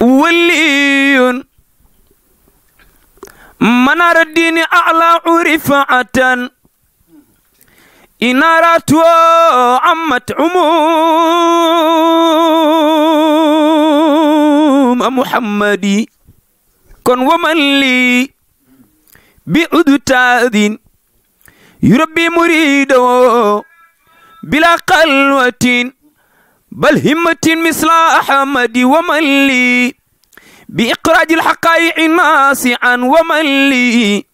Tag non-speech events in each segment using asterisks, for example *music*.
ولي منار الدين أعلى عرفة إنارة عمت عموم محمدي كن ومن لي تاذين يربي مريدو بلا قلوتين بل همة مثل أحمد ومن لي بإخراج الحقائق ناسعا ومن لي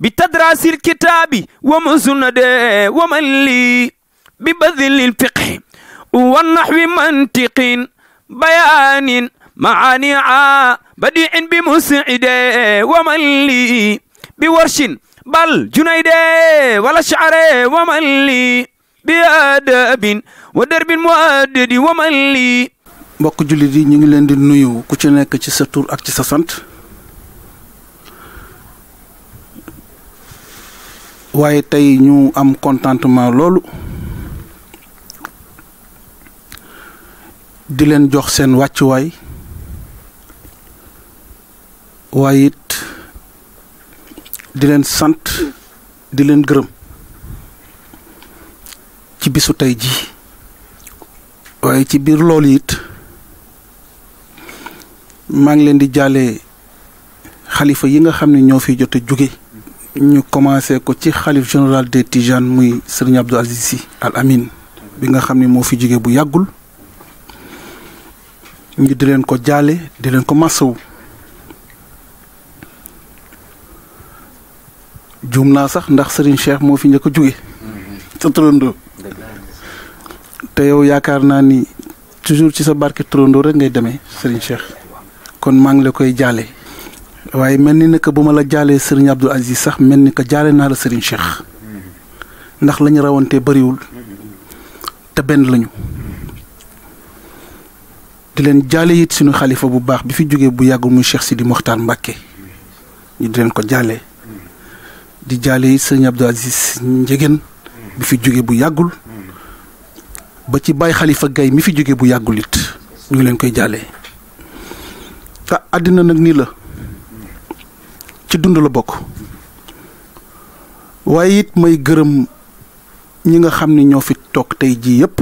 بتدراس الكتاب ومسند ومن لي ببذل الفقه والنحو منطق بيان معاني بديع بمسعد ومن لي بورش بل جنيد ولا شعر ومن لي bi biadabin wa darbin muaddadi wa man lii mbokk jullit yi ñu ngi leen di nuyu ku ci nekk ci sa tur ak ci sa sant waaye tey ñu am contentement loolu di leen jox seen wàccuwaay waaye it di leen sant di leen gërëm bisu tay ji waaye ci bir lol it maa ngi leen di jàllee khalifa yi nga xamni ño fi jotté a ñu commencé ko ci khalif général de tijane muy serigne Abdou Aziz Al Amin bi nga xamni mo fi jóge bu yagul ñu di leen ko jale di leen ko masawu jumna sax ndax serigne Cheikh mo fi ñëk a te yow yaakaar naa ni toujours ci sa barke turandoo rek ngay demee Serigne Cheikh kon maa ngi la koy jaale waaye mel ni que bu ma la jaalee Serigne Abdou Aziz sax mel ni que jaale naa la Serigne Cheikh ndax lañu rawantee bariwul te benn lañu di leen jaale it suñu xalifa bu baax bi fi jógee bu yàgg muy Cheikh Sidi Mokhtar Mbacke ñu di leen ko jaale di jaale it Serigne Abdou Aziz Ndiéguène bi fi joge bu yagul ba ci bay Khalifa gay mi fi joge bu yagul it ñu leen koy jàllee ta adina nak ni la ci dund la bok waye it may gërëm ñi nga xamni ño fi tok tay ji yépp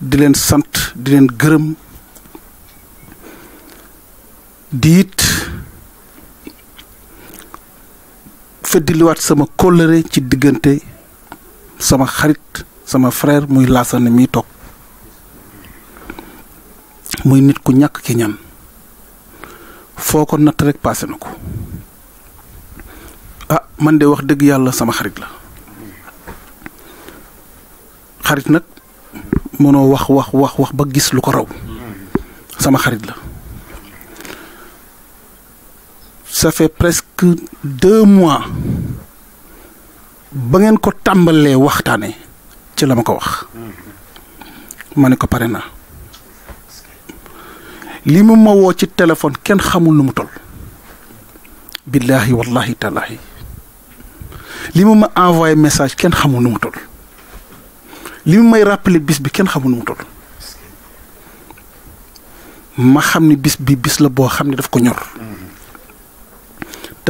di leen sant di leen gërëm di feddiliwaat sama kolere ci diggante sama xarit sama frère muy laasane mi toog muy nit ku ñàkk ki ñan foo ko rek passé na ko ah man de wax dëgg yàlla sama xarit la xarit nag mënoo wax wax wax wax ba gis lu ko raw sama xarit la ça fait presque deux mois ba ngeen ko tàmbalee waxtaane ci la ma ko wax ma ne ko pare naa li mu ma woo ci téléphone kenn xamul nu mu toll billahi wallahi taalaahi li mu ma envoyé message kenn xamul nu mu toll li mu may rappelé bis bi kenn xamul nu mu toll ma xam ni bis bi bis la boo xam ne daf ko ñor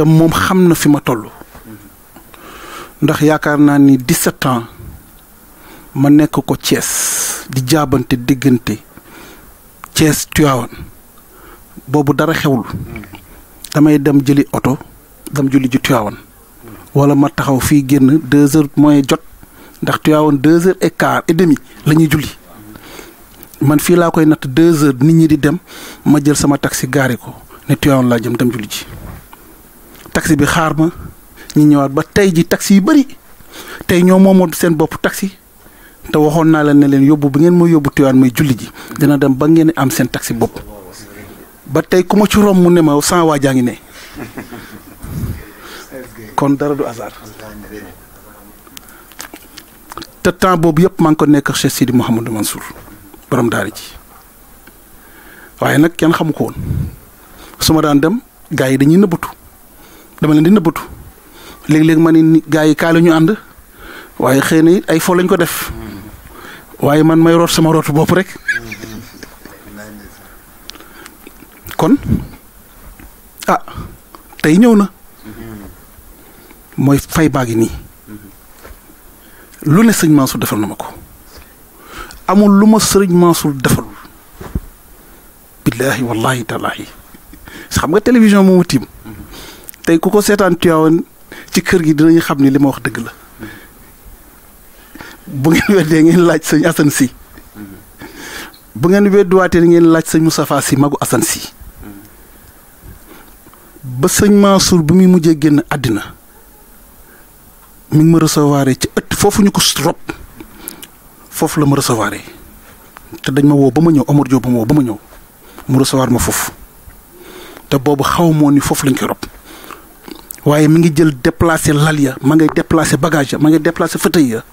te moom xam na fi ma toll ndax yaakaar naa ni 17 ans ma nekk ko Thiès di jaabante diggante cees Tivaouane boobu dara xewul damay dem jëli oto dam julli ji Tivaouane wala ma taxaw fii génn deux heures mooy jot ndax Tivaouane deux heures et quart la ñuy julli man fii laa koy natt deux heures nit ñi di dem ma jël sama taxi gaari ko ne Tivaouane laa jëm dem julli ji taxi bi xaar ma ñi ñëwaat ba tey ji taxi yu bari tey ñoo moomoon seen bopp taxi te waxoon naa la ne leen yóbbu bi ngeen ma yóbbu tuyaan may julli ji dina dem ba ngeen am seen taxi bopp ba tey ku ma ci romb mu ne ma cent waa jaa ngi ne kon dara du hasard te temps boobu yëpp maa ngi ko nekk chef Sidi Mouhamadou Mansour borom daara ji waaye nag kenn xamu ko woon su ma daan dem gars yi dañuy nëbbatu dama leen di nëbbatu léeg-léeg ma ne gaa yi kaale ñu ànd waaye xëy na it ay fo lañ ko def waaye man may root sama rootu bopp rek kon ah tey ñëw na mooy fay baa ngi nii lu ne sëñ Mansour defal na ma ko amul lu ma sëriñ Mansour defal billaahi wallaahi taalaahi xam nga télévision moomu tiim tey ku ko seetaan Tiwaawan ci kër gi dinañu xam ni li ma wax dëgg la bu ngeen weddee ngeen laaj sëñ Asan Si bu ngeen wedduwaatee ngeen laaj sëñ Moustapha Si magu Asan Si ba sëñ Mansour bu muy mujjee génn àddina mi ngi ma recevoir ci ëtt foofu ñu ko rob foofu la ma recevoir te dañ ma woo ba ma ñëw Omar jo ba ma woo ba ma ñëw mu recevoir ma foofu te boobu xaw moo ni foofu lañ koy rob waaye mi ngi jël déplacer lal ya ma ngay déplacer bagage ya ma ngay déplacer fauteuil ya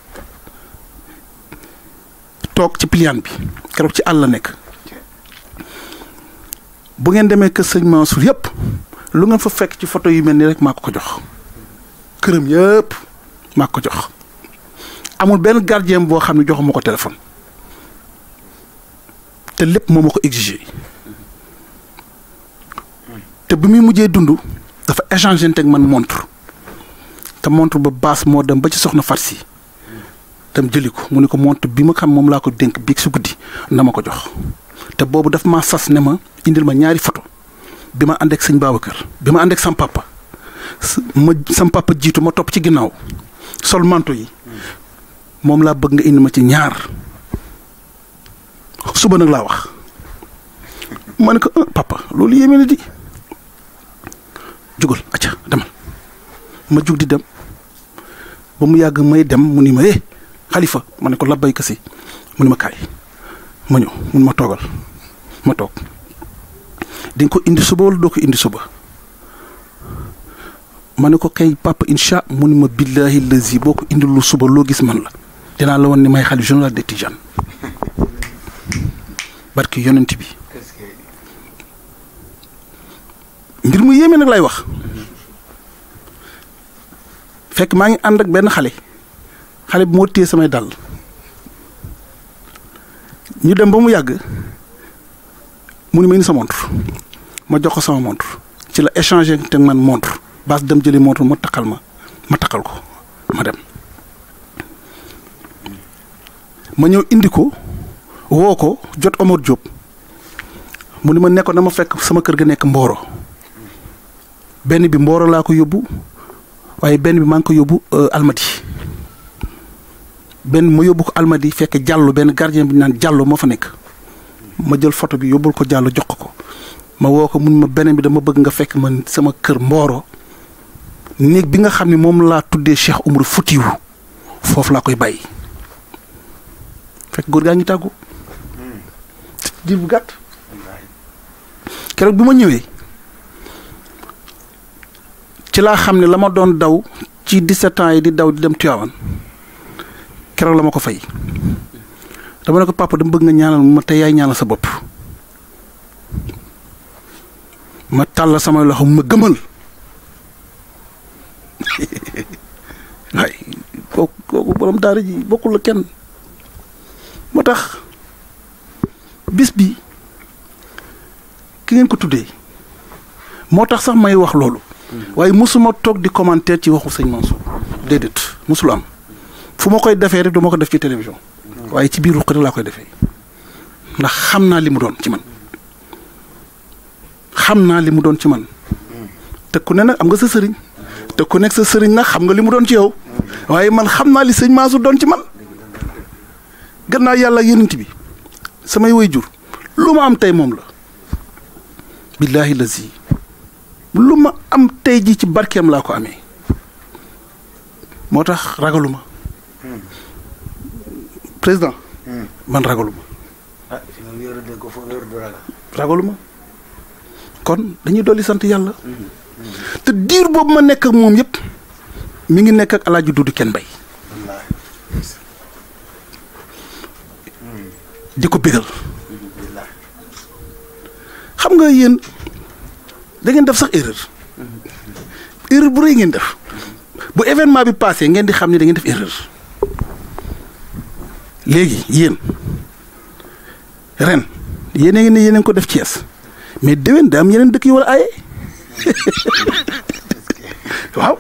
toog ci pliant bi keroog ci àll nekk bu ngeen demee kër sëñ Mansour yëpp lu ngeen fa fekk ci photo yu mel nii rek maa ko ko jox këram yëpp maa ko jox amul benn gardien boo xam ne joxuma ko téléphone te lépp moo ma ko exigé te bi muy mujjee dund dafa échanger jenteng man montre te montre ba bas mo dem ba ci soxna Farsi tam jëli ko mu ne ko montre bima xam mom la ko denk bi su guddi nama, ma ko jox te bobu daf ma sas ne ma indil ma ñaari photo bima ma ak seigne babakar bima ak sam papa ma sam papa jitu ma top ci ginnaw sol manto yi mom la bëgg nga indi ma ci ñaar suba nak la wax ah, papa loli yemi di. jugal acca demal ma jug di dem ba mu yàgg may dem mu ni ma eh xalifa ma ne ko labbay kasi mu ni ma kaay ma ñëw mu ni ma toogal ma toog di ko indi suba wala ko indi suba ma ne ko kay incha mu ni ma billahi lazi boo ko indi lu suba loo gis man la dinaa la woon ni may xalif général des Tidianes barki yonent bi ngir mu yéeme nag lay wax fekk maa ngi ànd ak benn xale xale bi moo téye samay dal ñu dem ba mu yàgg mu ni may ni sa montre ma jox ko sama montre ci la échanger te man montre bas dem jëli montre ma takal ma ma takal ko ma dem ma ñëw indi ko woo ko jot Omar Diop mu ni ma nekkoon na ma fekk sama kër ga nekk Mboro ben bi mboro la ko yobbu waye ben bi man ko yobbu euh, almadi ben mo yobbu ko almadi fekk jallu ben gardien bi nan jallu mo fa nek ma jël photo bi yobul ko jallu jox ko ma woo ko mun ma benen bi dama bëgg nga fekk man sama kër mboro nek bi nga xamni mom la tuddé Cheikh Umar Foutiou foofu la koy bay fekk gor ngi hmm. bu gatt bi ma ci laa xam ne la ma doon daw ci 17 yi di daw di dem Tivaouane keroog la ma ko fay dama ne ko papa dama bëgg nga ñaanal ma tey yaay ñaanal sa bopp ma tàll samay loxo ma gëmal *laughs* bokkul la kenn moo tax bis bi ki ngeen ko tuddee moo tax sax may wax loolu. waaye mosuma toog di commentaire ci waxu sëñ Mansour déedéet mosul am fu ma koy defee rek du ma ko def ci télévision waaye ci biir ruq rek laa koy defee ndax xam naa li mu doon ci man xam naa li mu doon ci man te ku ne nag am nga sa sëriñ te ku nekk sa sëriñ nag xam nga li mu doon ci yow waaye man xam naa li sëñ Mansour doon ci man gannaaw yàlla yonent bi samay woy jur lu ma am tey moom la billaahi lazi luma am tay ji ci barkem la ko amé motax ragaluma président man ragaluma ah, ragaluma kon dañuy doli sant yàlla mm-hmm. Mm-hmm. te dir bobu ma nek ak mom yep mi ngi nek ak dudu ken bay di bigal mm-hmm. xam nga yeen da ngeen def sax erreur erreur bu rëy ngeen def bu événement bi passé ngeen di xam ne da ngeen def erreur léegi yéen ren yéen a ngi ne yéen ko def Thiès mais déwén da am yeneen dëkk yi war a aaye *laughs* waaw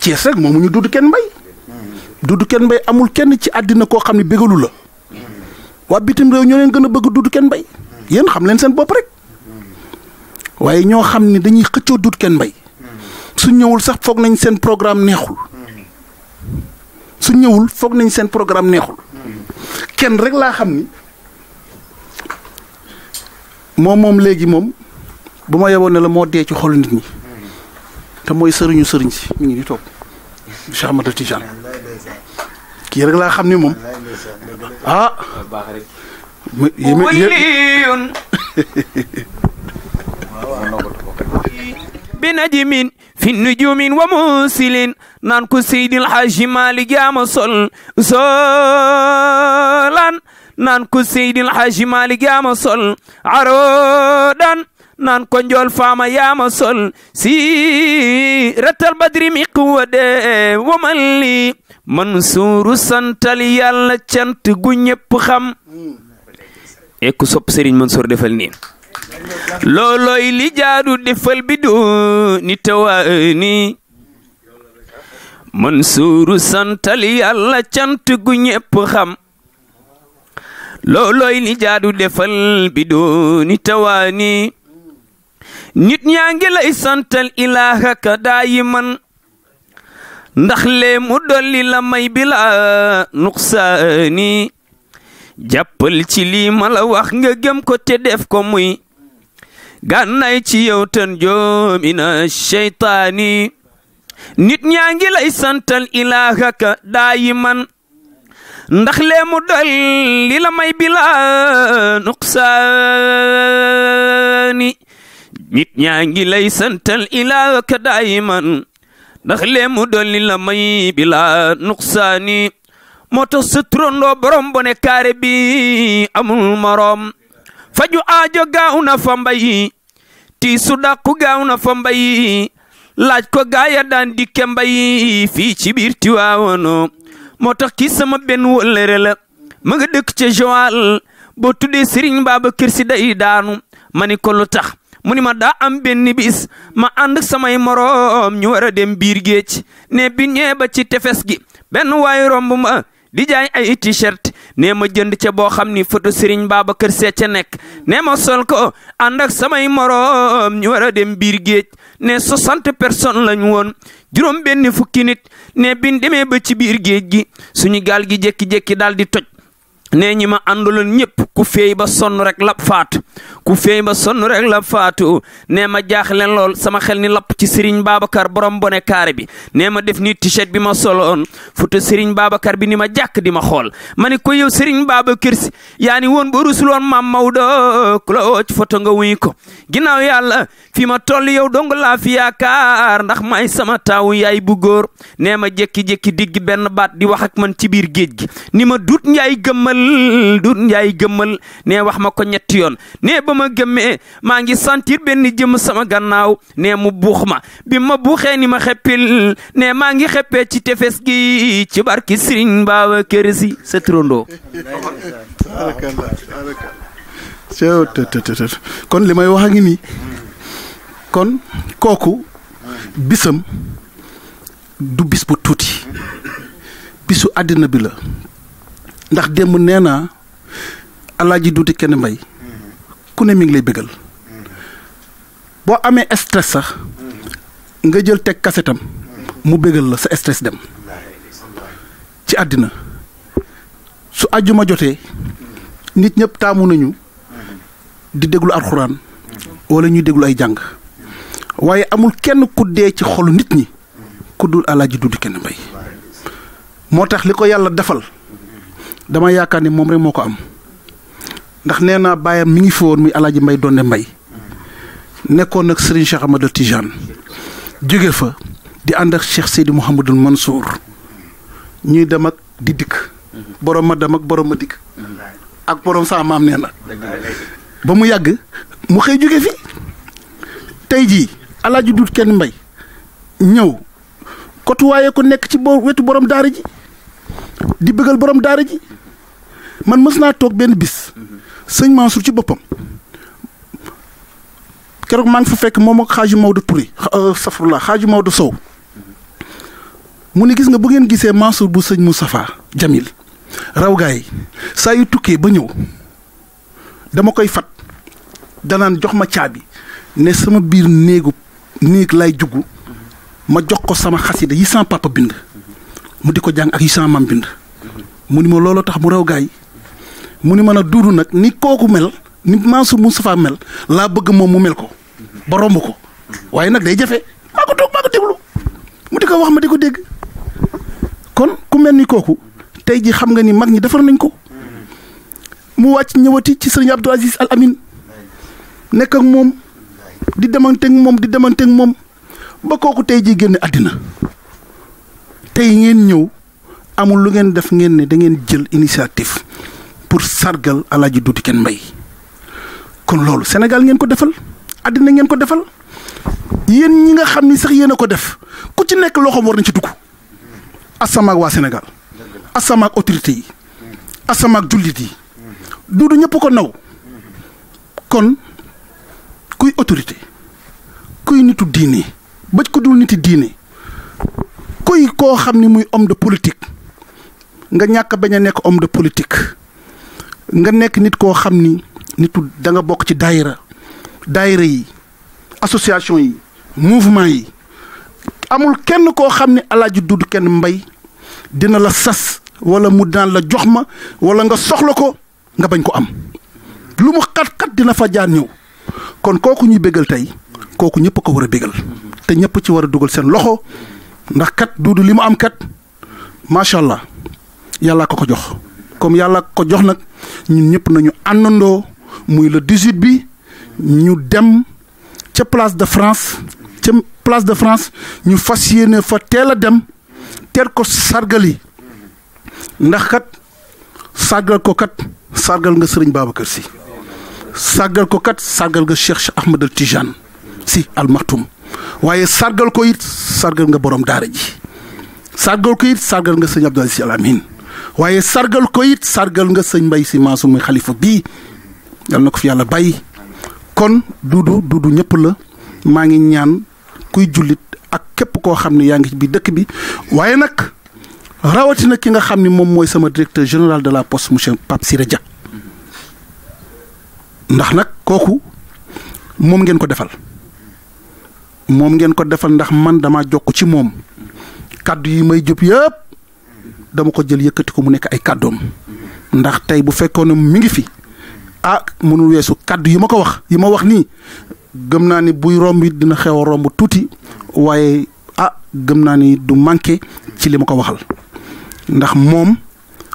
Thiès rek moomu ñu dudd kenn mbay dudd kenn mbay amul kenn ci àddina koo xam ne bégalu la waa bitim réew ñoo leen gën a bëgg dudd kenn mbay yéen xam leen seen bopp rek waaye ñoo xam ne dañuy xëccoo dut kenn mbay su ñëwul sax foog nañ seen programme neexul su ñëwul foog nañ seen programme neexul kenn rek laa xam ni moom moom léegi moom bu ma yeboon la moo dee ci xol mooy sëriñu sëriñ si mi ngi di toog kii rek laa xam ni moom ah. *laughs* بنجم في النجوم وموسل نانكو سيد الحاج مالك يا مصل صولا نانكو سيد الحاج مالك يا مصل عرودا نانكو نجول فاما يا مصل سيرة البدر مقود وملي منصور سنتالي يالا چنت گو ñepp xam e ku sop serigne mansour defal ni Lolo ini jaadu defal bidu nitawani, ni tawani mansuru santal yalla cant gu ñépp xam lolo ili jaadu defal bi du ni tawani nit ñangi lay santal ilaha ka daayiman ndax le mu doli la may bila nuksani jappal ci li mala wax nga gem ko te def ko muy gànnaay ci yow tan joomi na seytaani nit ñaa ngi lay santal ilaaha ka daayiman ndax lee mu dol li la may bila nuqsaani nit ñaa ngi lay santal ilaaha ka daayiman ndax lee mu dol li la may bila nuqsaani moo tax sa turandoo borom bone kaare bi amul morom faju aajo gaaw na fa mbay tiisu dàqu gaaw na fa mbay laaj ko gaaya daan dikke mbay fii ci biir Tiwaawoon moo tax kii sama benn wëllëre la ma nga dëkk ca Joal boo tuddee Serigne Babacar Sy day daanu ma ni ko lu tax mu ni ma daa am benn bis ma ànd samay moroom ñu war a dem biir géej ne bi ba ci tefes gi benn waay romb ma di jaay ay t-shirt nee ma jënd ca boo xam ni photo Serigne Babacar Sy ca nekk nee ma sol ko ànd ak samay moroom ñu war a dem biir géej ne soixante personnes lañu woon juróom benn fukki nit ne bin demee ba ci biir géej gi suñu gaal gi jékki-jékki daal di toj nee ñi ma àndaloon ñëpp ku feey ba sonn rek lab faatu ku feey ba sonn rek lab faatu nee jaax jaaxle lool sama xel ni lapp ci Serigne Babacar borom bone kaar bi nee ma def ni t-shirt bi ma soloon futa Serigne Babacar bi ni ma jàkk di ma xool ma ni ko yow Serigne Babacar si yaa ni woon ba rusuloon maam Maodo ku la woo foto nga wuy ko ginnaaw yàlla fi ma toll yow dong laa fi yaakaar ndax may sama taawu yaay bu góor nee ma jékki digg benn baat di wax ak man ci biir géej gi ni ma dut njaay dëggal ne wax ma ko ñetti yoon ne gemme ma ngi sentir ben jëm sama gannaaw ne mu buux ma bi ma buuxee ni ma xeppil ne ma ngi xeppee ci tefes gi ci barki serigne Babacar Si sa trondo kon limay wax ak ni kon koku bisam du bis bu tuti bisu adina bi la ndax dem neena alaaji duuti kenn mbay ku ne mi ngi lay bëggal boo amee stress sax nga jël teg kasetam mu bégal la sa stress dem ci àddina su àjjuma jotee nit ñëpp taamu nañu di déglu alxuraan wala ñuy déglu ay jàng waaye amul kenn ku dee ci xolu nit ñi ku dul alaaji duuti kenn mbay moo tax li ko yàlla defal dama yaakaar ni moom rek moo ko am ndax neena bayam mi ngi fi woon muy alaaji mbay donde mbay nekkoon nak serigne cheikh amadou tidiane jóge fa di ànd ak cheikh seydi mouhamadul mansour ñuy dem ak di dikk borom ma dem ak borom ma dikk ak borom sa maam neena ba mu yàgg mu xëy jóge fi tey jii alaaji dut kenn mbay ñëw kotuwaaye ko nekk ci wetu borom daara ji di bëggal borom daara ji man mësna tok ben bis seigne Mansour ci bopam kérok maa ngi fa fekk momo ak maoudou touri euh, safrullah xaaju maoudou Sow mu gis nga bu ngeen gisee Mansour bu seigne Moustapha Jamil raw gay sa yu tukkee ba ñew dama koy fat nan jox ma tiabi ne sama bir néegu lay juggu ma jox ko sama xasida yi sama papa bind mu diko ko ak yi sama mam bind mu ni ma tax mu raw gay mu ni mën a ni koku mel ni Mansour Moustapha mel la bëgg mom mu mel ko ba romb ko waye nak day jafé mako tok mako deglu mu diko wax ma diko deg kon ku mel ni kooku magni ji xam nga ni mag ñi defal nañ ko mu wacc ñewati ci serigne Abdou Aziz Al Amin nek ak mom di ak mom, di ak mom ba koku tay ji genn adina tay ngeen ñew amul lu ngeen def ngeen ne da ngeen jël initiative pour sargal alaaji duuti kenn mbay kon loolu Senegal ngeen ko defal àddina ngeen ko defal yen ñi nga xam sax ko def ku ci nekk loxoom war na ci dugg asamaak waa sénégal asamaak autorité yi asamaak jullit yi duudu ñëpp ko naw kon kuy autorité kuy nitu diine ba ko dul niti diine kuy koo xam ni muy homme de politique nga ñàkk homme de politique nga nekk nit koo xam ni nitu da nga bokk ci daayira daayira yi association yi mouvement yi amul kenn koo xam ni alaaji dudd kenn mbay dina la sas wala mu daan la jox ma wala nga soxla ko nga bañ ko am lu mu xat-xat dina fa jaar ñëw kon kooku ñuy bégal tey kooku ñëpp ko war a bégal te ñëpp ci war a dugal seen loxo ndax kat duudu li mu am kat macha allah yàlla ko ko jox comme yàlla ko jox nag ñu ñëpp nañu àndandoo muy le 18 bi ñu dem ca place de France ñu fas yéene fa teel a dem teel ko sargali ndax kat sargal ko kat sargal nga sëriñ Babacar si sargal ko kat sargal nga Cheikh Ahmed al Tijane si al waaye sargal ko it sargal nga borom daara ji sargal ko it sargal nga sëriñ Abdoulaye Sy Al Amine waye sargal ko it sargal nga sëñ mbay si masu mi khalifa bi yal nako fi yalla bay kon dudu dudu ñepp la ma ngi ñaan kuy julit ak kep ko xamni ne ngi bi bi waaye rawatina ki nga xamni mom moy sama directeur général de la poste monsieur pap Siré ndax nak koku mom ngeen ko defal mom ngeen ko defal ndax man dama jokk ci mom kaddu yi may jup yep dama ko jël yëkkati ko mu nekk ay kàddoom ndax tey bu fekkoon ne mi ngi fi ah mënul weesu kàddu yi ma ko wax yi ma wax nii gëm naa ni buy romb dina xew a romb tuuti waaye ah gëm naa ni du manqué ci li ma ko waxal ndax moom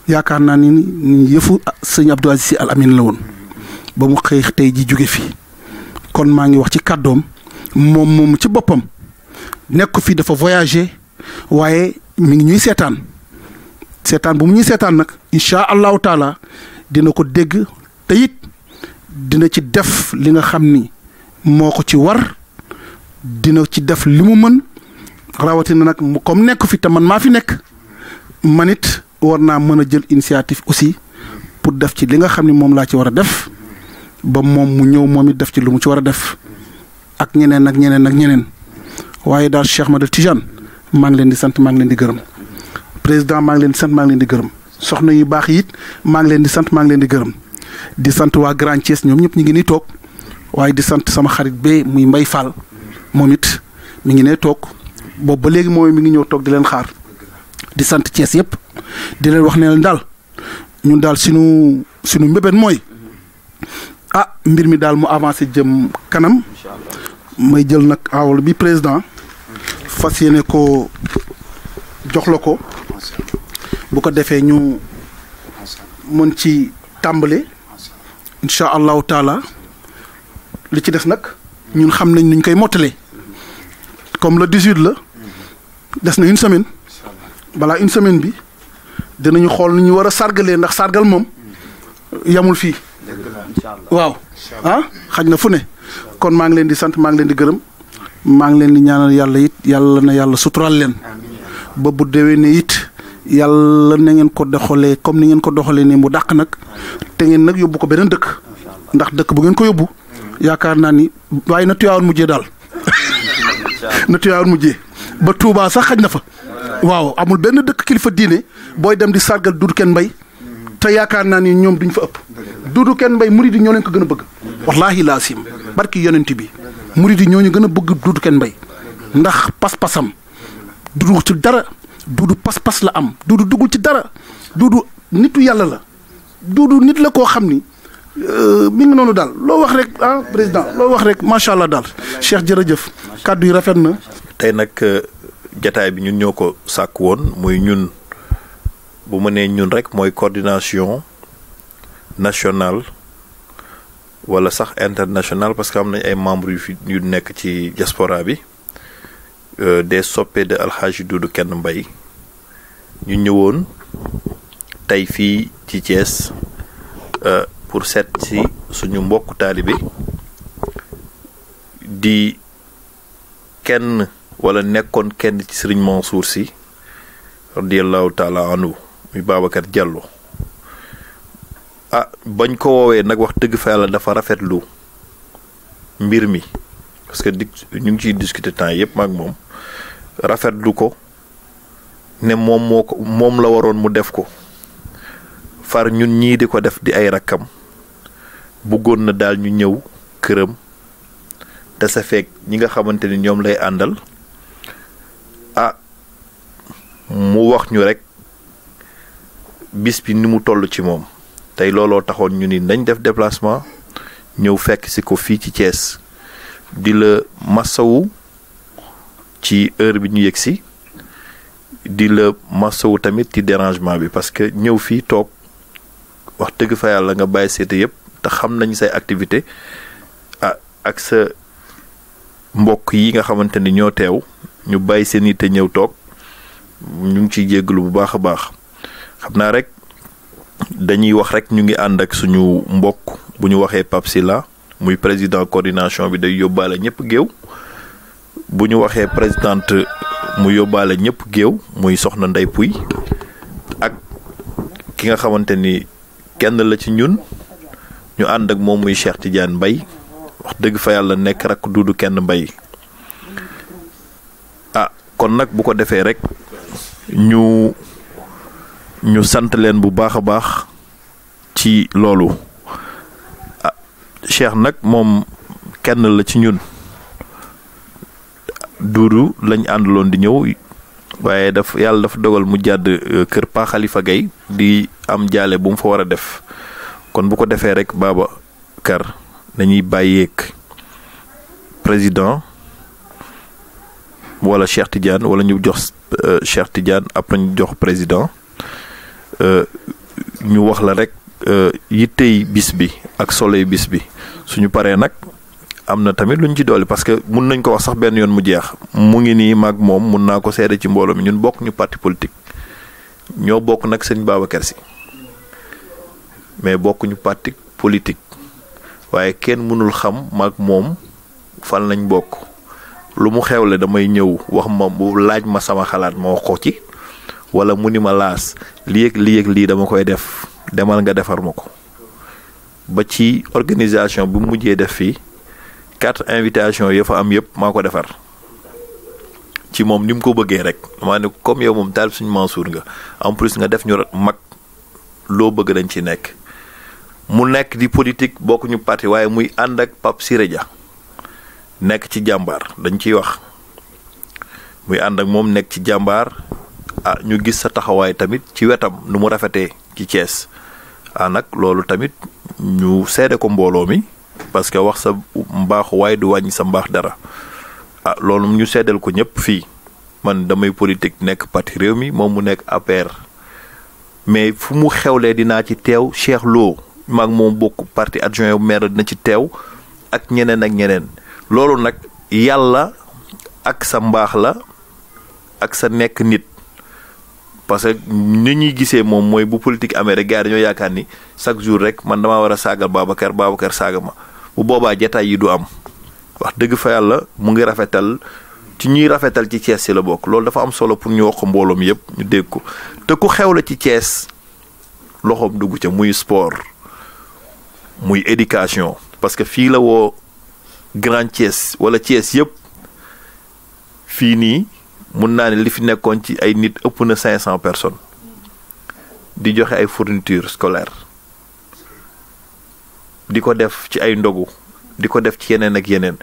yaakaar naa ni ni yëfu sëñ Abdou Aziz Sy Al Amine la woon ba mu xëy tey ji jóge fi kon maa ngi wax ci kàddoom moom moom ci boppam nekk fii dafa voyager waaye mu ngi ñuy seetaan. Setan bu mu ñi setan nak insha allah taala dina ko deg te it dina ci def li nga xamni moko ci war dina ci def limu man rawati na nak comme nek fi te man ma fi nek manit warna meuna jël initiative aussi pour def ci li nga xamni mom la ci wara def ba mom mu ñew def ci lu mu ci wara def ak ñeneen ak ñeneen ak ñeneen waye dal Cheikh Madal tijan mang leen di sante mang leen di gërëm président maa ngi leen di sant maa ngi leen di gërëm soxna yu baax yit maa ngi leen di sant maa ngi leen di gërëm di sant waa Grand Thiès ñoom ñëpp ñu ngi nii toog waaye di sant sama xarit bee muy mbay Fall moom it mi ngi ne toog boobu ba léegi mooy mi ngi ñëw toog di leen xaar di sant Thiès yëpp di leen wax ne leen daal ñun daal sunu sunu mbébét mooy ah mbir mi daal mu avancé jëm kanam may jël nag awol bi président fas yéene ko jox la ko. bu ko defee ñu mën ci tàmbale incha allahu taala li ci des nag ñun xam nañ nuñ koy mottale comme le 18 la des na une semaine balaa une semaine bi dinañu xool nu ñu war a sargalee ndax sargal moom yamul fii waaw ah xaj na fu ne kon maa ngi leen di sant maa ngi leen di gërëm maa ngi leen di ñaanal yàlla it yàlla na yàlla suturaal leen ba bu déwee ne it yàlla na ngeen ko doxalee comme ni ngeen ko doxalee nii mu dàq nag te ngeen nag yóbbu ko beneen dëkk ndax dëkk bu ngeen ko yóbbu yaakaar naa ni waaye na tuyaawoon mujjee daal *laughs* na mujje ba Touba sax xaj na fa waaw amul benn dëkk kilifa diine booy dem di sargal Doudou kenn mbay te yaakaar naa ni ñoom duñ fa ëpp Doudou kenn Mbaye murid yi ñoo leen ko gën a bëgg wallaahi laasim barki yonent bi murid yi ñoo ñu gën a bëgg Doudou kenn Mbaye ndax pas-pasam duudu pas-pas la am duudu duggul ci dara duudu nitu yàlla la duudu nit la koo xam ni euh, mi ngi noonu daal loo wax rek ah président loo wax rek macha allah daal Cheikh jërëjëf kàddu yi rafet na. tey nag euh, jataay bi ñun ñoo ko sàkk woon muy ñun bu ma nee ñun rek mooy coordination nationale wala sax internationale parce que am nañ ay membres yu fi yu nekk ci diaspora bi. Euh, des soppé de alhaji doudou kenn mbay ñu ñëwoon tay fi ci ties euh pour set ci suñu mbokk talibé di kenn wala nekkon kenn ci serigne mansour si radiyallahu ta'ala anu mi babakar diallo ah bañ ko wowe nak wax deug fa yalla dafa rafetlu mbir mi parce que ñu ngi ci discuter temps yépp mak mom rafetlu ko ne moom moo ko moom la waroon mu def ko far ñun ñii di ko def di ay rakkam bëggoon na daal ñu ñëw këram te sa ñi nga xamante ni ñoom lay àndal ah mu wax ñu rekk bis bi ni mu toll ci moom tey looloo taxoon ñu ni nañ def déplacement ñëw fekk si ko fii ci cees di la masawu ci heure bi ñu yegg si di la wu tamit ci dérangement bi parce que ñëw fii toog wax dëgg fa yàlla nga bàyyi seete yëpp te xam nañ say activité ah ak sa mbokk yi nga xamante ni ñoo teew ñu bàyyi seen yitte ñëw toog ñu ngi ciy jégalu bu baax a baax xam naa rek dañuy wax rek ñu ngi ànd ak suñu mbokk bu ñu waxee Pape Sylla muy président coordination bi day yóbbaale ñëpp géew bu ñu waxee président mu yóbbaale ñëpp géew muy soxna nday Puy ak ki nga xamante ni kenn la ci ñun ñu ànd ak moom muy Cheikh Tidiane mbay wax dëgg fa yàlla nekk rakk dudu kenn Mbaye ah kon nag bu ko defee rek ñu ñu sant leen bu baax a baax ci loolu ah Cheikh nag moom kenn la ci ñun duudu lañ àndaloon di ñëw waaye daf yàlla dafa dogal mu jàdd euh, kër Pa Khalifa Gaye di am jaale bu mu fa war a def kon bu ko defee rek Babacar nañuy bàyyeek président wala Cheikh Tidiane wala ñu jox euh, Cheikh Tidiane après ñu jox président euh, ñu wax la rek yittey bis bi ak soloy bis bi suñu paree nag. am na tamit luñ ci dolli parce que mun nañ ko wax sax benn yoon mu jeex mu ngi nii mag moom mun naa ko seede ci mbooloo mi ñun bokk ñu parti politique ñoo bokk nag sëñ Babacar Si mais bokkuñu ñu parti politique waaye kenn mënul xam mag moom fan nañ bokk lu mu xew xewle damay ñëw wax ma bu laaj ma sama xalaat ma wax ko ci wala mu ni ma laas lii ak lii ak lii dama koy def demal nga defar ma ko ba ci organisation bi mujjee def fii quatre invitation ya fa am yëpp maa ko defar ci moom ni mu ko bëggee rek maa ne comme yow moom taal suñu Mansour nga en plus nga def ñu mag loo bëgg dañ ci nekk mu nekk di politique bokkuñu ñu waaye muy ànd ak Pape Siré Dia nekk ci jàmbaar dañ ciy wax muy ànd ak moom nekk ci jàmbaar ah ñu gis sa taxawaay tamit ci wetam nu mu rafetee ci Thiès ah nag loolu tamit ñu seede ko mbooloo mi parce que wax sa mbaax waaye du wàññi sa mbaax dara ah loolu ñu seddal ko ñëpp fii man damay politique nekk parti réew mi moom mu nekk APR mais fu mu xewlee dinaa ci teew Cheikh Lo maag moom bokk parti adjoint maire dina ci teew ak ñeneen ak ñeneen loolu nag yàlla ak sa mbaax la ak sa nekk nit parce que ni ñuy gisee moom mooy bu politique amee rek gars yi dañoo yaakaar ni chaque jour rek man damaa war a saagal Babacar Babacar saaga ma bu boobaa jataay yi du am wax dëgg fa yàlla mu ngi rafetal ci ñuy rafetal ci Thiès ci la bokk loolu dafa am solo pour ñu wax mbooloom yëpp ñu dégg ko te ku xew la ci Thiès loxoom dugg ca muy sport muy éducation parce que fii la woo Grand Thiès wala Thiès yëpp fii nii. mun naa ne li fi nekkoon ci ay nit ëpp na 500 personnes di joxe ay fourniture scolaire di ko def ci ay ndogu di ko def ci yeneen ak yeneen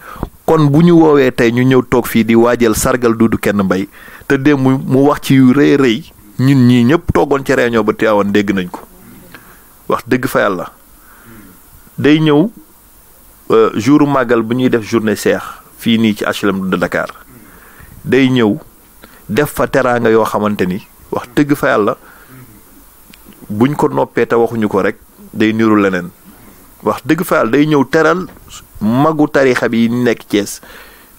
kon bu ñu woowee tey ñu ñëw toog fii di waajal sargal duudu kenn mbay te démb mu wax ci yu rëy rëy ñun ñii ñëpp toogoon ci réunion ba teewoon dégg nañ ko wax dëgg fa yàlla day ñëw euh, jour magal bu ñuy def journée seex fii nii ci HLM de Dakar day ñëw def fa teraanga yoo xamante ni wax dëgg fa yàlla buñ ko noppeete waxuñu ko rek day niru leneen wax dëgg fa yàlla day ñëw teral magu tarixa bi nekk Cees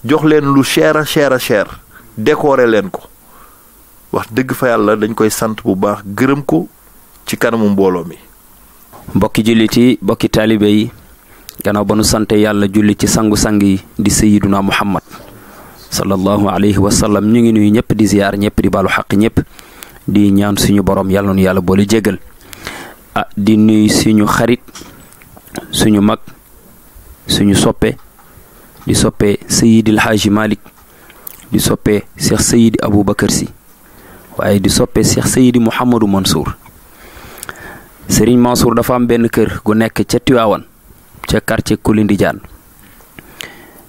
jox leen lu cher a cher a leen ko wax dëgg fa yàlla dañ koy sant bu baax gërëm ko ci kanamu mbooloo mi. mbokki jullit yi mbokki taalibe yi gannaaw ba nu sant yàlla julli ci sangu sang yi di sayyiduna muhammad sallallahu alaihi wa sallam ñu ngi nuyu ñep di ziar ñep di balu xaq ñep di ñaan suñu borom yalla ñu yalla boole ah di nuyu suñu xarit suñu mag suñu soppe di soppe sayid haji malik di soppe cheikh Abu bakkar si waye di soppe cheikh sayyid muhammadu mansour serigne mansour dafa am ben kër gu nekk ci tiwawan ci quartier kulindi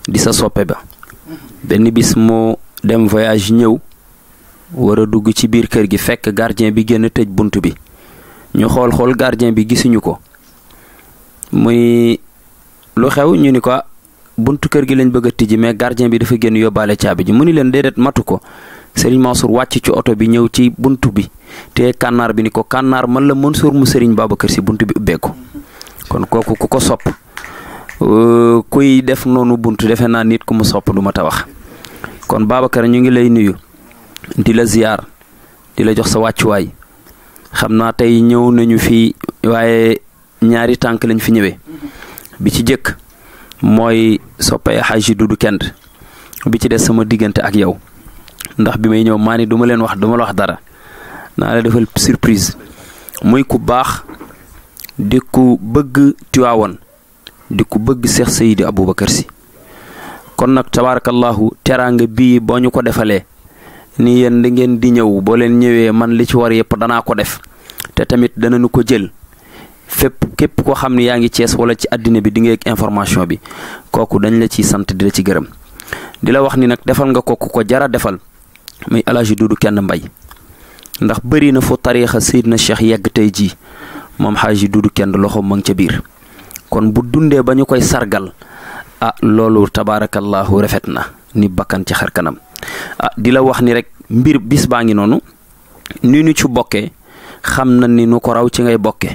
di sa soppé ba benn bis moo dem voyage ñëw war a dugg ci biir kër gi fekk gardien bi génn tëj bunt bi ñu xool xool gardien bi gisuñu ko muy lu xew ñu ni ko ah, bunt kër gi lañ bëgg a tijji mais gardien bi dafa génn yóbbaale caabi ji mu ni leen déedéet matu ko Serigne Mansour wàcc ci oto bi ñëw ci bunt bi te kànnaar bi ni ko kànnaar man la mën Mansour mu sëriñ Serigne kër si bunt bi ubbeeku kon kooku ku ko sopp Euh, kuy def noonu bunt defe naa nit ku mu sopp du ma ta wax kon baabakar ñu ngi lay nuyu di la ziyaar di la jox sa wàccuwaay xam naa tey ñëw nañu fi waaye ñaari tànk lañ fi ñëwee bi ci jëkk mooy soppee xaaji Dudu Kend bi ci des sama diggante ak yow ndax bi may ñëw maani duma leen wax du la wax dara naa la defal surprise muy ku baax di ku bëgg Tiwaawoon di ku bëgg Cheikh Seydi Aboubacar si kon nag tabaarakallaahu teraanga bii boo ñu ko defalee ni yéen da ngeen di ñëw boo leen ñëwee man li ci war yëpp danaa ko def te tamit danañu ko jël fépp képp koo xam ne yaa ngi Cees wala ci àddina bi di nga yëg information bi kooku dañu la ciy sant di la ci gërëm di la wax ni nag defal nga ko ku ko jara defal muy alaaji duudu kenn mbay ndax bëri na fu tariixa na Cheikh yegg tey jii moom xaaji duudu kenn loxo ma ca biir kon bu dundee ba ñu koy sargal a ah, loolu tabaarakallahu rafet na ni bakkan ci xar kanam ah di la wax ni rek mbir bis baa ngi noonu ni ñu ci bokkee xam na ni nu ko raw ci ngay bokke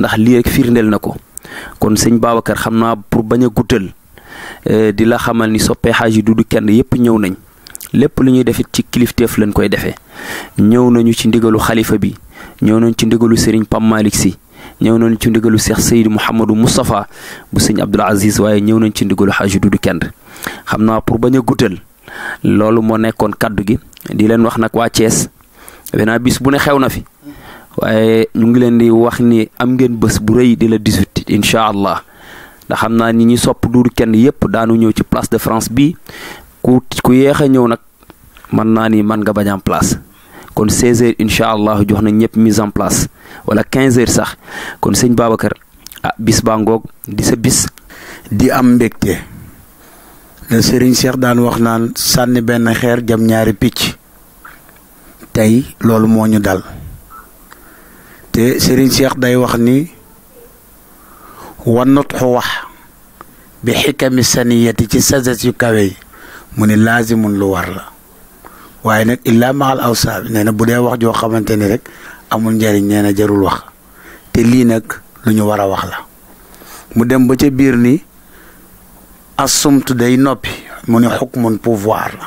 ndax lii rek firndeel na ko kon sëñ Babacar xam naa pour bañ a guddal eh, di la xamal ni soppee xaaj yi du kenn yépp ñëw nañ lépp lu ñuy defit ci kilifteef lañ koy defee ñëw nañu ci ndigalu xalifa bi ñëw nañ ci ndigalu sëriñ Pam Malick si ñëw nañ ci ndigalu Cheikh Seydou Mouhamadou Moustapha bu sëñ Abdoul Aziz waaye ñëw nañ ci ndigalu Hadji Doudou Kende xam naa pour bañ a guddal loolu moo nekkoon kaddu gi di leen wax nag waa Thiès benaa bis bu ne xew na fi waaye ñu ngi leen di wax ni am ngeen bës bu rëy di la 18 incha allah ndax xam naa ni ñi sopp Doudou kenn yëpp daanu ñëw ci place de France bi ku ku yéex a ñëw nag mën naa ni mën nga bañ am place. kon 16 h inshallah allah jox nañ ñëpp mise en place wala 15 h sax kon seigne Babacar ah bis ba ngok di sa bis. di am mbekté le Serigne Cheikh daan wax naan sànni ben xeer jam ñaari picc tay lolu moñu dal te Serigne Cheikh day wax ni wanut xu wax bi xikami saniyati ci sagesse yu kawe yi mu ne laazimun lu war la. waaye nag illa maxal awsaabi nee na bu dee wax joo xamante ni rek amul njariñ nee na jarul wax te lii nag lu ñu war a wax la mu dem ba ca biir ni asumtu day noppi mu ne xukmun pouvoir la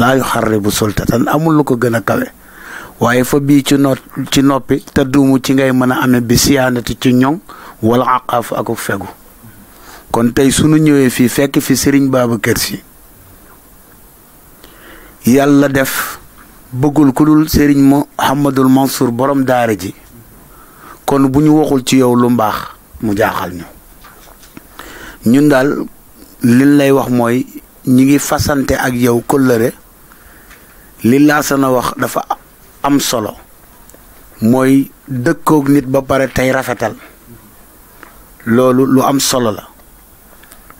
laa yu xarribu sultatan amul lu ko gën a kawe waaye fa bii ci no ci noppi te duumu ci ngay mën a amee bi siyaanati ci ñoŋ wala aqaaf ak fegu kon tey sunu ñëwee fii fekk fi Serigne Babacar yàlla def bëggul ku dul sëriñ Mouhamadul Mansour borom daara ji kon bu ñu waxul ci yow lu mbaax mu jaaxal ñu ñun daal liñ lay wax mooy ñi ngi fasante ak yow kóllëre li laa laasana wax dafa am solo mooy dëkkook nit ba pare tey rafetal loolu lu am solo la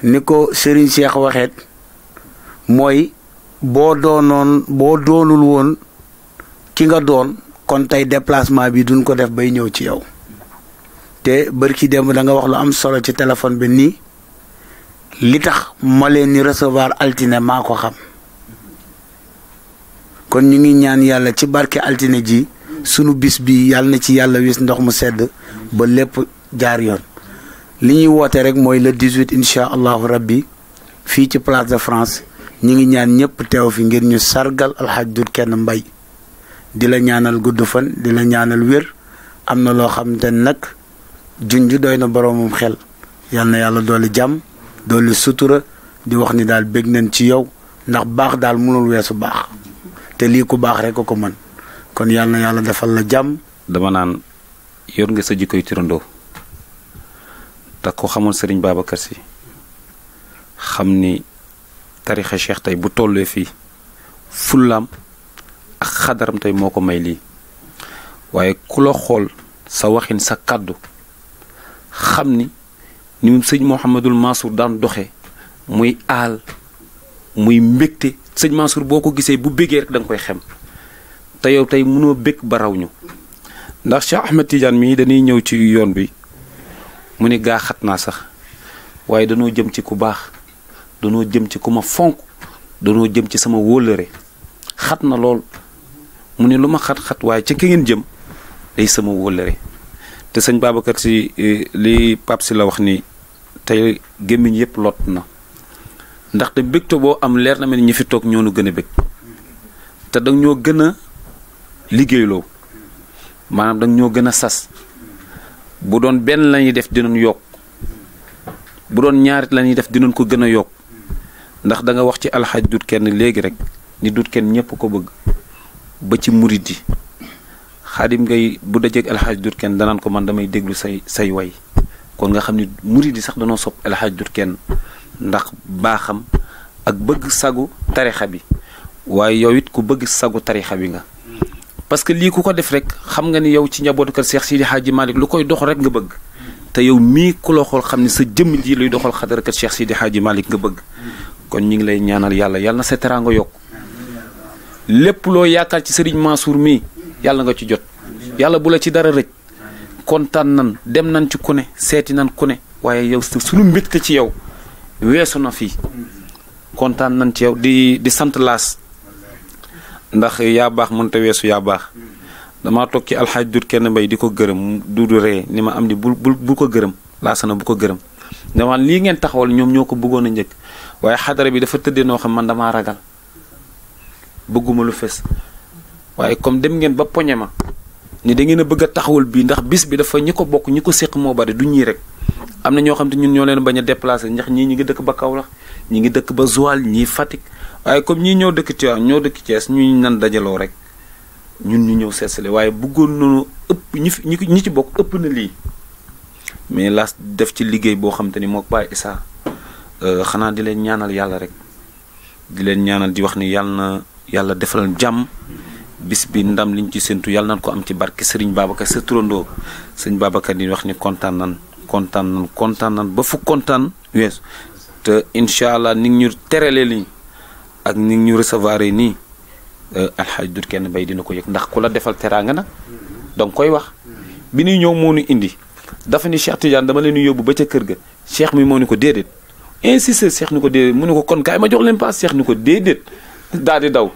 ni ko sëriñ Cheikh waxeet mooy boo doonoon boo doonul woon ki nga doon kon tey déplacement bi duñ ko def bay ñëw ci yow te bërki démb da nga wax lu am solo ci téléphone bi nii li tax ma leen ni recevoir altine maa ko xam kon ñu ngi ñaan yàlla ci barke altine ji sunu bis bi yàlla na ci yàlla wis ndox mu sedd ba lépp jaar yoon li ñuy woote rek mooy le 18 incha allahu rabbi fii ci place de France ñi ngi ñaan ñëpp teew fi ngir ñu sargal alxaj dut kenn mbay di la ñaanal gudd fan di la ñaanal wér am na loo xam te nag junj doy na boromum xel yal na yàlla doole jàmm doole sutura di wax ni daal bég nañ ci yow ndax baax daal mënul weesu baax te lii ku baax rek ko man kon yal na yàlla defal la jàmm dama naan yor nga sa jikkoy turandoo te ko sëriñ babacar si xam ni tarixa cheikh tey bu tollee fii fullaam ak xadaram tey moo ko may lii waaye ku la xool sa waxin sa kàddu xam ni ni mu sëñ Mouhamadul Mansour daan doxe muy aal muy mbégte sëñ Mansour boo ko gisee bu bégee rek da koy xem te yow tey mënoo bég ba raw ñu ndax Cheikh Ahmed Tidiane mii dañuy ñëw ci yoon bi mu ni gaaxat naa sax waaye dañoo jëm ci ku baax danoo jëm ci ku ma fonk danoo jëm ci sama wóllëre xat na lool mu ne lu ma xat-xat waaye ca ki ngeen jëm day sama wóllëre te sëñ Babacar si eh, li Pape la wax ni tey gémmiñ yëpp lot na ndaxte bégte boo am leer na mel ni ñi fi toog ñoo nu gën a bég te dang ñoo gën a liggéeyloo maanaam dang ñoo gën a sas bu doon benn la ñuy def dinañ yokk bu doon ñaarit la def dinañ ko gën a yokk ndax da nga wax ci alxaaj dut kenn léegi rek ni dut kenn ñëpp ko bëgg ba ci murit yi xaadim ngay bu dajeeg alxaaj dut kenn danaan ko man damay déglu say say way kon nga xam ni murit yi sax danoo sopp alxaaj dut kenn ndax baaxam ak bëgg sagu tarixa bi waaye yow it ku bëgg sagu tarixa bi nga parce que lii ku ko def rek xam nga ni yow ci njabootu kër Seex Sidi Xaaji Malik lu koy dox rek nga bëgg te yow mii ku loo xool xam ni sa jëmm ji luy doxal xadara kër Seex Sidi Xaaji nga bëgg kon ñu ngi lay ñaanal yàlla yàlla na sa teraanga yokk lépp loo yaakaar ci sëriñ Mansour mii yàlla nga ci jot yàlla bu la ci dara rëj kontaan nan dem nan ci ku ne seeti nan ku ne waaye yow suñu mbégte ci yow weesu na fii kontaan nan ci yow di di sant laas ndax yaa baax mënta weesu yaa baax damaa toog ci alxaaj dut kenn mbay di ko gërëm du du ree ni ma am di bul bul bu ko gërëm laasa na bu ko gërëm dama lii ngeen taxawal ñoom ñoo ko bëggoon a njëkk waaye xadara bi dafa tëddee noo xam man dama ragal bëgguma lu fes waaye comme dem ngeen ba poñe ni da ngeen bëgg taxawul bii ndax bis bi dafa ñi ko bokk ñi ko séq moo bari du ñii rek am na ñoo xam te ñun ñoo leen bañ a déplacé ndax ñii ñi ngi dëkk ba Kaolack ñi ngi dëkk ba Joal ñii Fatick waaye comme ñii ñoo dëkk Tivaouane ñoo dëkk Thiès ñuy nan dajaloo rek ñun ñu ñëw seetsale waaye bëggoon ëpp ñi ci bokk ëpp na lii mais laas def ci liggéey boo xam te ni moo isa Euh, xanaa di leen ñaanal yàlla rek di leen ñaanal di wax ni yàlla na yàlla defal jàmm bis bi ndam liñ ci séntu yàlla nañ ko am ci barke Serigne Babacar sa turandoo sëñ Babacar di wax ni kontaan nan kontaan nan ba fu kontaan wees te incha allah ni ñu terale lii ak ni ñu recevoir nii euh, alxaaj dut kenn bay dina ko yëg ndax ku la defal teraanga nag danga koy wax bi nuy ñëw moo nu indi dafa ni Cheikh Tidiane dama leen yóbbu ba ca kër ga Cheikh mi moo ne ko déedéet insisté seex ni ko déedéet mu ne ko kon kaay ma jox leen paas seex ni ko déedéet daal di daw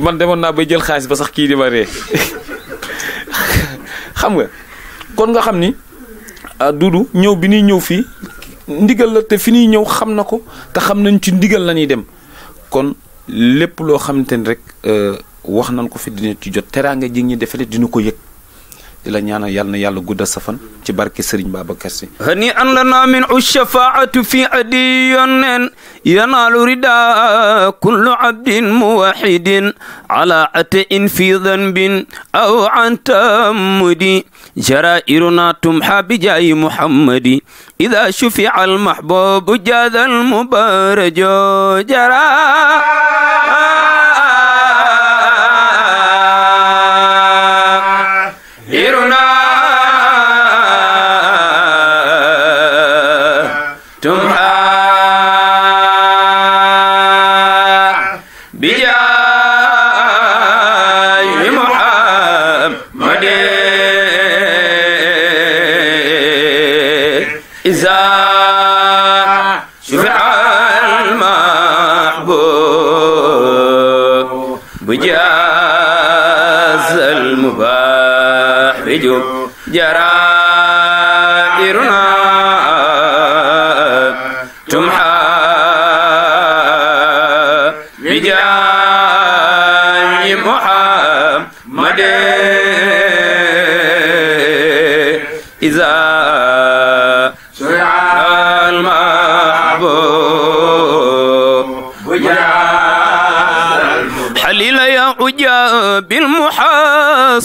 man demoon naa bay jël xaalis ba sax kii di ma ree *laughs* xam nga kon nga xam ni ah, dudu ñëw bi ñuy ñëw fii ndigal la te fi ñuy ñëw xam na ko te xam nañ ci ndigal la ñuy dem kon lépp loo xamante ni rek euh, wax nan ko fi dina ci jot teraanga ji ñi defale dina ko yëg di la ñaanal yàlla na yàlla guddal sa fan ci barke Serigne Babacar Sy hani an lana min ushafaatu fi adi yonnen yanaalu rida kullu abdin muwahidin ala atain fi dhanbin aw an tammudi jarairuna tumha bijayi muhammadi ida shufica almahbubu jada almubarajo jara إذا شفع المحبوب بجاز المباح جرائرنا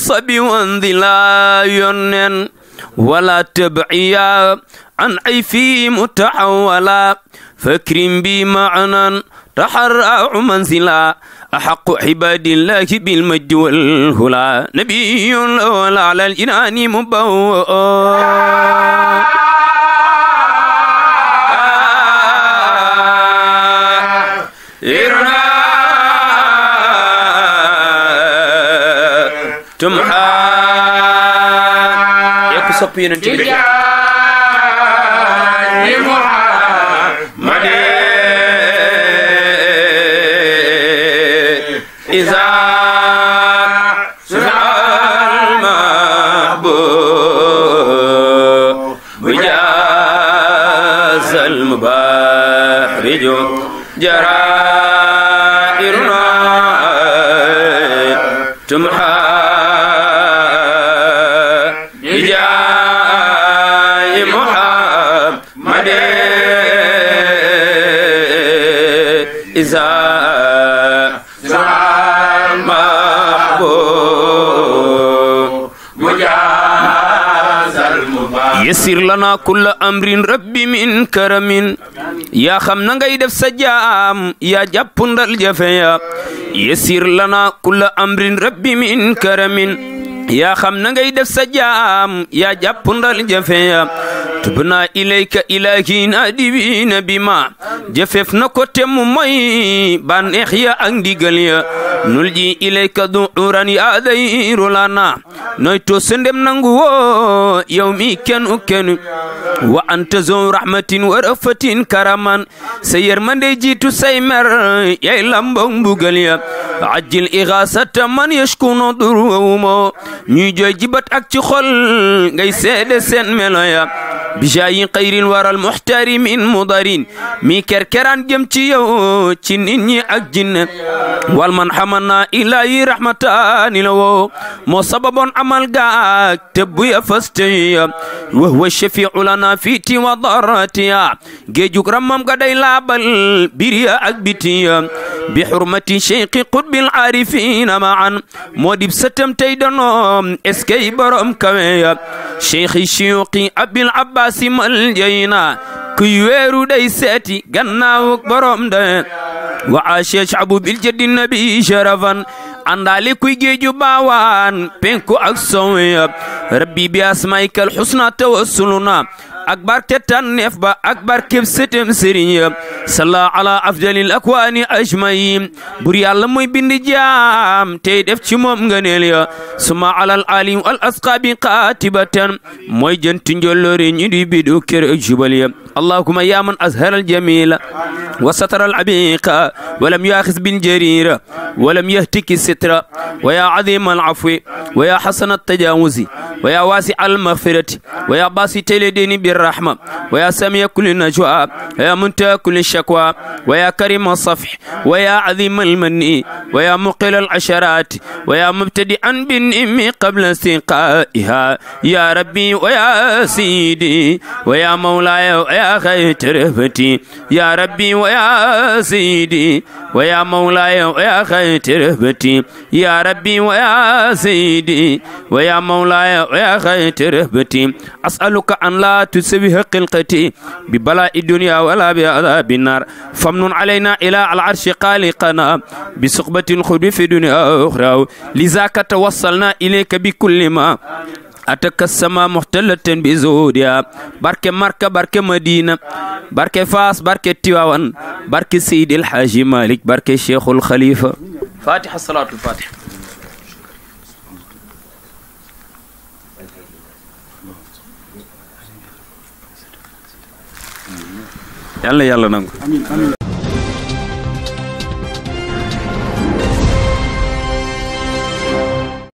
sabi wondi laa ولا تبعيا tabciya عن عيفي متحولا فكرم بي معنا تحرع منزلا أحق عباد الله بالمجد والهلا نبي الأول على الإنان مبوأ tumxaa yokk sopp yonent bi Muhammad lana kulla amrin rabbi min karamin yaa xam na ngay def sa jaam yaa jàppundal jafe ya yesir lana kulla amrin rabbi min karamin yaa xam na ngay def sa jaam yaa jàppundal jafe ya tubna ilayka ilahina adibina bima jëfef na ko temm moy bànneex ya ak ndigal ya nul ji ilayka du uran ya dayru lana noy to sendem nangu wo yow mi kenn u kenn wa anta zo rahmatin wa rafatin karaman sa yermande jiitu say mer yay lambog mbugal ya ajjil igasata man yashku no durwawumo ñuy jooy jibat ak ci xol ngay seede seen melo ya بجاي قير ورا المحتار من مضارين مي كركران جمتيو تشنيني عجن والمن حمنا الى رحمتان لو مصبب عمل قاك تبو يفستي وهو الشفيع لنا في تي جيجو كرمم قدي لابل بريا أكبتي بحرمة شيخ قطب العارفين معا موديب ستم تيدنوم اسكي برم كوي شيخ الشيوقي أبي العباس xaasimal jeyna kuy weeru day seeti gannaaw borom de wa aashe shaabu bil jaddi nabi sharafan àndaale kuy géeju baawaan penku ak sowe rabbi bi asmaikal xusna tawassuluna ak barke tànneef ba ak barkeb sëtëm sëriñ ya salla ala afdalil akwaani ajmayin bur yàlla mooy bindi jaam tey def ci moom ngëneel ya suma alal alim al asqaabi qaatibatan mooy jënti njolloore ñi di bidu kër jubal ya allahumma ya man azhara al jamila wa satara al abiqa wa lam yaaxis bil jarira wa lam yahtiki sitra wa ya azima al afwi wa ya xasana al tajawuzi ويا واسع المغفرة ويا باسط اليدين بالرحمة ويا سميع كل نجوى ويا منتهى كل شكوى ويا كريم الصفح ويا عظيم المن ويا مقل العشرات ويا مبتدئا بالنم قبل استنقائها يا ربي ويا سيدي ويا مولاي ويا خير رفتي يا ربي ويا سيدي ويا مولاي ويا خير رهبتي يا ربي ويا سيدي ويا مولاي ويا خير رهبتي أسألك أن لا تسبه قلقتي ببلاء الدنيا ولا بأذاب النار فمن علينا إلى العرش قالقنا بسقبة خد في دنيا أخرى لذاك توصلنا إليك بكل ما اتك السما محتله بزوريا بركه مركه بركه مدينه بركه فاس بركه تيوان بركه سيد الحاج مالك بركه شيخ الخليفه فاتح الصلاه الفاتحه يلا يلا نقول نعم. امين امين